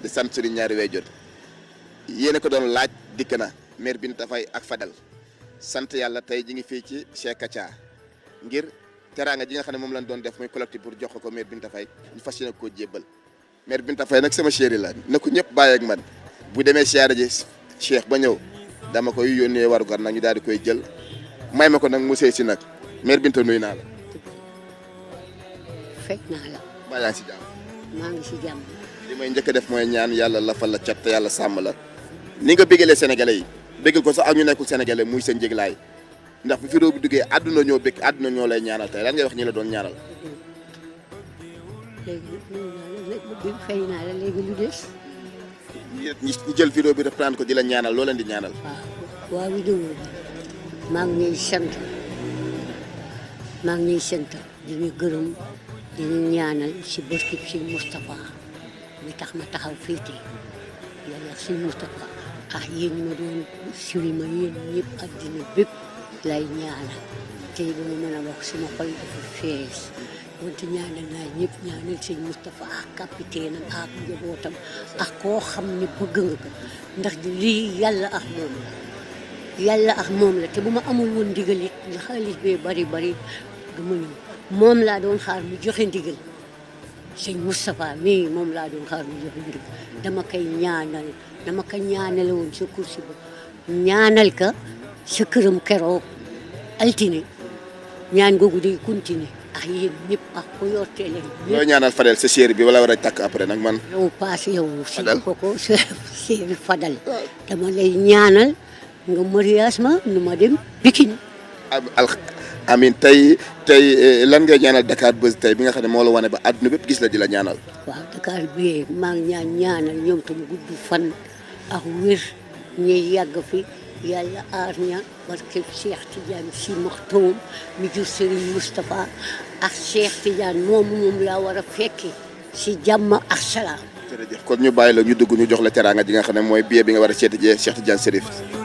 di sant suñu ñaari wayjur yéena ko doon laaj dikk na maire Binta Faye ak Fadal sant yàlla tey ji ngi fii ci Cheikh Kacha ngir teraanga ji nga xam ne moom lañ doon def muy collectif pour jox ko maire bin Faye ñu sama chéri la ko ñëpp ak man bu demee siyaare ji Cheikh ba ñëw dama koy yónnee warugar nag ñu daal di koy jël ko nag mu sey si nag maire Binta nuyu fekk naa la. maa ngi li may njëkk def mooy ñaan yàlla lafal la cat te yàlla sàmm la ni nga bégalee sénégalais yi béggal ko sax ak ñu nekkul sénégalais muy seen njéglaay ndax bu fi réew bi duggee àdduna ñoo bég àdduna ñoo lay ñaanal tey lan ngay wax ñi la doon ñaanal. bi reprendre ko di la ñaanal loo leen di ñaanal. ngi sant ngi sant di ñu gërëm di ñaanal si bés si Moustapha. li tax ma taxaw fii tey yàlla si Moustapha ah yéen ma doon suivi ma yéen ñëpp àddina bépp lay ñaanal tey ba ma mën a wax suma xol dafa fees wante ñaanal naa ñëpp ñaanal sëñ Moustapha ak capitaine am ak njabootam ak koo xam ni bëgg nga ko ndax lii yàlla ak moom la yàlla ak moom la te bu ma amul woon ndigal it xaalis bee bari bari du ma moom laa doon xaar mu joxe ndigal sëñ Moustapha mii moom laa doon xaar mu jox ndigal dama koy ñaanal dama ko ñaanal woon sa kursi ba ñaanal ka sa këram altine ñaan googu day continuer ah yéen ñëpp ah ku yor loo ñaanal Fadel sa séeri bi wala war a takk après nag man. yow paas yow. Fadel ko ko séeri dama ah. lay ñaanal nga mariage ma nu ma dem Pikine. amin tey tey eh, lan ngay ñaanal Dakar Buzz tey bi nga xam ne moo la wane ba àdduna bépp gis la di la ñaanal. waaw Dakar bi maa ngi ñaan ñaanal ñoom tam gudd fan ak wér ñuy yàgg fi yàlla aar ña barke Cheikh Tidiane Sy Maktoum mi jur Serigne Moustapha ak Cheikh Tidiane moomu moom laa war a fekki si jàmm ak salaam. jërëjëf kon ñu bàyyi la ñu dugg ñu jox la teraanga ji nga xam ne mooy billet bi nga war a seeti jee Cheikh Tidiane Chérif.